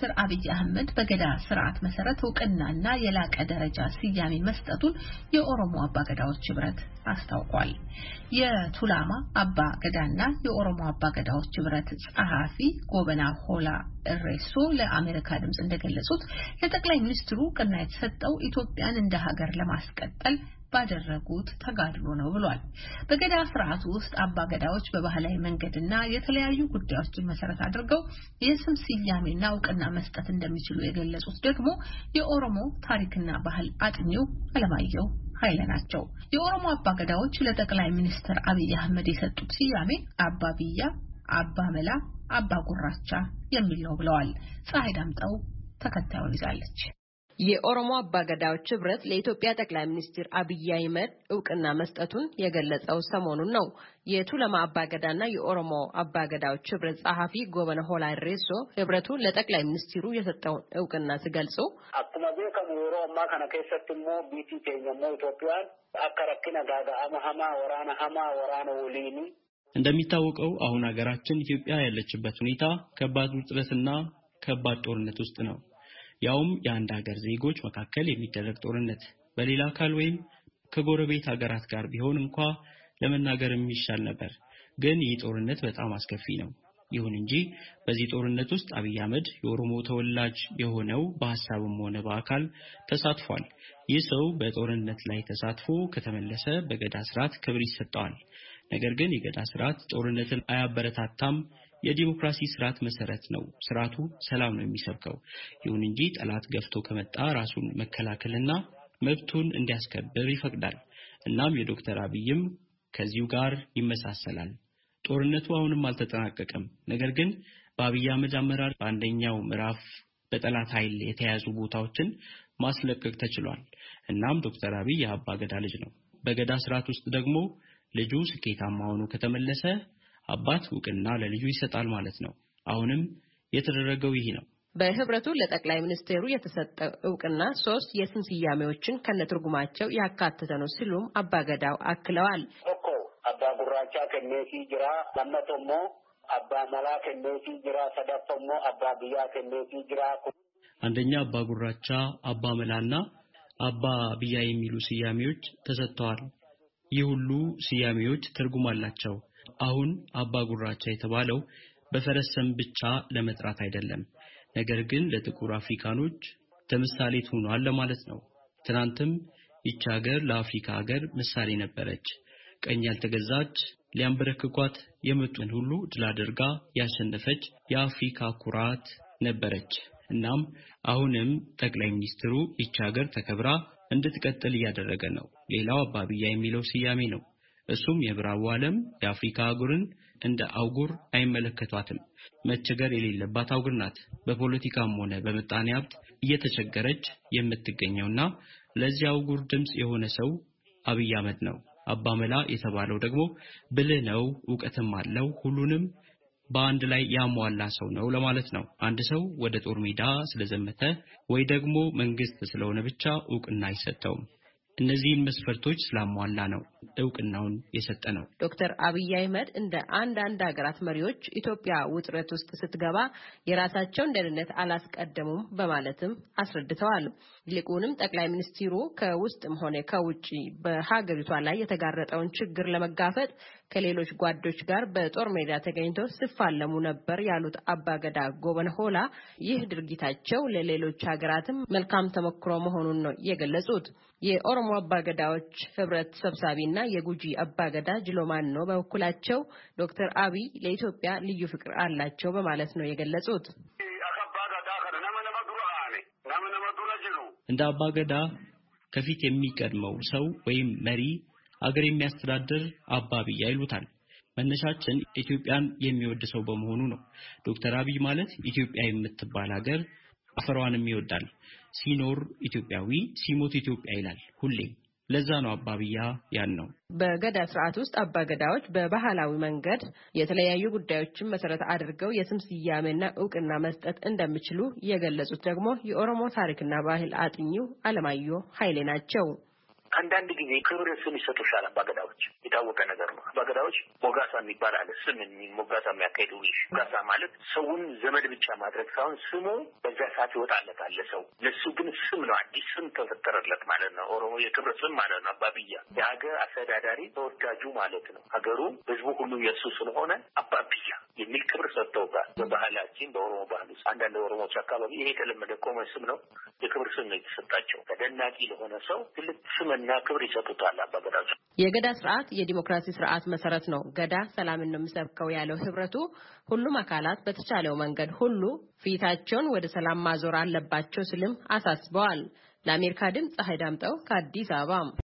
ሚኒስትር አብይ አህመድ በገዳ ስርዓት መሰረት እውቅናና የላቀ ደረጃ ስያሜ መስጠቱን የኦሮሞ አባ ገዳዎች ህብረት አስታውቋል። የቱላማ አባ ገዳና የኦሮሞ አባ ገዳዎች ህብረት ጸሐፊ ጎበና ሆላ እሬሶ ለአሜሪካ ድምፅ እንደገለጹት ለጠቅላይ ሚኒስትሩ እውቅና የተሰጠው ኢትዮጵያን እንደ ሀገር ለማስቀጠል ባደረጉት ተጋድሎ ነው ብሏል። በገዳ ስርዓት ውስጥ አባገዳዎች በባህላዊ መንገድና የተለያዩ ጉዳዮችን መሰረት አድርገው የስም ስያሜና እውቅና መስጠት እንደሚችሉ የገለጹት ደግሞ የኦሮሞ ታሪክና ባህል አጥኚው አለማየሁ ኃይለ ናቸው። የኦሮሞ አባገዳዎች ለጠቅላይ ሚኒስትር አብይ አህመድ የሰጡት ስያሜ አባ ብያ፣ አባ መላ፣ አባ ጉራቻ የሚል ነው ብለዋል። ፀሐይ ዳምጠው ተከታዩን ይዛለች። የኦሮሞ አባገዳዎች ህብረት ለኢትዮጵያ ጠቅላይ ሚኒስትር አብይ አህመድ እውቅና መስጠቱን የገለጸው ሰሞኑን ነው። የቱለማ አባገዳና የኦሮሞ አባገዳዎች ህብረት ጸሐፊ ጎበነ ሆላ ሬሶ ህብረቱ ለጠቅላይ ሚኒስትሩ የሰጠውን እውቅና ሲገልጹ አኩመ ቤከሙ የሮ ከነ ሞ ቢቲ ኢትዮጵያን ጋጋአመ ሀማ ወራነ ሀማ ወራነ ወሊኒ እንደሚታወቀው አሁን ሀገራችን ኢትዮጵያ ያለችበት ሁኔታ ከባድ ውጥረትና ከባድ ጦርነት ውስጥ ነው። ያውም የአንድ ሀገር ዜጎች መካከል የሚደረግ ጦርነት በሌላ አካል ወይም ከጎረቤት ሀገራት ጋር ቢሆን እንኳ ለመናገር የሚሻል ነበር። ግን ይህ ጦርነት በጣም አስከፊ ነው። ይሁን እንጂ በዚህ ጦርነት ውስጥ አብይ አህመድ የኦሮሞ ተወላጅ የሆነው በሀሳብም ሆነ በአካል ተሳትፏል። ይህ ሰው በጦርነት ላይ ተሳትፎ ከተመለሰ በገዳ ስርዓት ክብር ይሰጠዋል። ነገር ግን የገዳ ስርዓት ጦርነትን አያበረታታም፣ የዲሞክራሲ ስርዓት መሰረት ነው። ስርዓቱ ሰላም ነው የሚሰብከው። ይሁን እንጂ ጠላት ገፍቶ ከመጣ ራሱን መከላከልና መብቱን እንዲያስከብር ይፈቅዳል። እናም የዶክተር አብይም ከዚሁ ጋር ይመሳሰላል። ጦርነቱ አሁንም አልተጠናቀቀም። ነገር ግን በአብይ አህመድ አመራር በአንደኛው ምዕራፍ በጠላት ኃይል የተያዙ ቦታዎችን ማስለቀቅ ተችሏል። እናም ዶክተር አብይ የአባ ገዳ ልጅ ነው። በገዳ ስርዓት ውስጥ ደግሞ ልጁ ስኬታማ ሆኖ ከተመለሰ አባት እውቅና ለልጁ ይሰጣል ማለት ነው። አሁንም የተደረገው ይህ ነው። በህብረቱ ለጠቅላይ ሚኒስቴሩ የተሰጠ እውቅና ሶስት የስም ስያሜዎችን ከነትርጉማቸው ያካተተ ነው ሲሉም አባገዳው አክለዋል። እኮ አባ ጉራቻ ከኔሲ ጅራ ለመቶሞ አባ መላ ከኔሲ ጅራ ሰዳፈሞ አባ ብያ ከኔሲ ጅራ አንደኛ አባ ጉራቻ፣ አባ መላና አባ ብያ የሚሉ ስያሜዎች ተሰጥተዋል። ይህ ሁሉ ስያሜዎች ትርጉም አላቸው። አሁን አባ ጉራቻ የተባለው በፈረስ ስም ብቻ ለመጥራት አይደለም፣ ነገር ግን ለጥቁር አፍሪካኖች ተምሳሌት ሆኗል ለማለት ነው። ትናንትም ይቺ ሀገር ለአፍሪካ ሀገር ምሳሌ ነበረች። ቀኝ ያልተገዛች ሊያንበረክኳት የመጡን ሁሉ ድል አድርጋ ያሸነፈች የአፍሪካ ኩራት ነበረች። እናም አሁንም ጠቅላይ ሚኒስትሩ ይቺ ሀገር ተከብራ እንድትቀጥል እያደረገ ነው። ሌላው አባብያ የሚለው ስያሜ ነው። እሱም የምዕራቡ ዓለም የአፍሪካ አህጉርን እንደ አውጉር አይመለከቷትም። መቸገር የሌለባት አውጉር ናት። በፖለቲካም ሆነ በምጣኔ ሀብት እየተቸገረች የምትገኘውና ለዚያ አውጉር ድምፅ የሆነ ሰው አብይ አህመድ ነው። አባመላ የተባለው ደግሞ ብልህ ነው፣ እውቀትም አለው፣ ሁሉንም በአንድ ላይ ያሟላ ሰው ነው ለማለት ነው። አንድ ሰው ወደ ጦር ሜዳ ስለዘመተ ወይ ደግሞ መንግስት ስለሆነ ብቻ እውቅና አይሰጠውም። እነዚህን መስፈርቶች ስላሟላ ነው እውቅናውን የሰጠ ነው። ዶክተር አብይ አህመድ እንደ አንዳንድ ሀገራት መሪዎች ኢትዮጵያ ውጥረት ውስጥ ስትገባ የራሳቸውን ደህንነት አላስቀደሙም በማለትም አስረድተዋል። ይልቁንም ጠቅላይ ሚኒስትሩ ከውስጥም ሆነ ከውጭ በሀገሪቷ ላይ የተጋረጠውን ችግር ለመጋፈጥ ከሌሎች ጓዶች ጋር በጦር ሜዳ ተገኝተው ሲፋለሙ ነበር ያሉት አባገዳ ጎበነ ሆላ ይህ ድርጊታቸው ለሌሎች ሀገራትም መልካም ተሞክሮ መሆኑን ነው የገለጹት። የኦሮሞ አባገዳዎች ህብረት ሰብሳቢ እና የጉጂ አባገዳ ነው በበኩላቸው ዶክተር አብይ ለኢትዮጵያ ልዩ ፍቅር አላቸው በማለት ነው የገለጹት። እንደ አባገዳ ከፊት የሚቀድመው ሰው ወይም መሪ አገር የሚያስተዳድር አባ አይሉታል። መነሻችን ኢትዮጵያን የሚወድ ሰው በመሆኑ ነው። ዶክተር አብይ ማለት ኢትዮጵያ የምትባል ሀገር አፈሯንም ይወዳል። ሲኖር ኢትዮጵያዊ፣ ሲሞት ኢትዮጵያ ይላል ሁሌም። ለዛ ነው አባብያ ያን ነው። በገዳ ስርዓት ውስጥ አባ ገዳዎች በባህላዊ መንገድ የተለያዩ ጉዳዮችን መሰረት አድርገው የስም ስያሜና እውቅና መስጠት እንደሚችሉ የገለጹት ደግሞ የኦሮሞ ታሪክና ባህል አጥኚው አለማየሁ ኃይሌ ናቸው። አንዳንድ ጊዜ ክብር ስም ይሰጡ ይሻላል። አባገዳዎች የታወቀ ነገር ነው። አባገዳዎች ሞጋሳ የሚባል አለ። ስም ሞጋሳ የሚያካሄዱ ሞጋሳ ማለት ሰውን ዘመድ ብቻ ማድረግ ሳይሆን ስሙ በዛ ሰዓት ይወጣለታል ሰው ለሱ ግን ስም ነው፣ አዲስ ስም ተፈጠረለት ማለት ነው። ኦሮሞ የክብር ስም ማለት ነው። አባብያ የሀገር አስተዳዳሪ ተወዳጁ ማለት ነው። ሀገሩ ህዝቡ ሁሉ የእሱ ስለሆነ አባብያ የሚል ክብር ሰጥተውታል። በባህላችን በኦሮሞ ባህል ውስጥ አንዳንድ ኦሮሞዎች አካባቢ ይሄ የተለመደ ኮመን ስም ነው፣ የክብር ስም ነው የተሰጣቸው። ተደናቂ ለሆነ ሰው ትልቅ ስምና ክብር ይሰጡታል አባገዳቸው። የገዳ ስርዓት የዲሞክራሲ ስርዓት መሰረት ነው። ገዳ ሰላምን ነው ያለው ህብረቱ፣ ሁሉም አካላት በተቻለው መንገድ ሁሉ ፊታቸውን ወደ ሰላም ማዞር አለባቸው ስልም አሳስበዋል። ለአሜሪካ ድምፅ ፀሐይ ዳምጠው ከአዲስ አበባ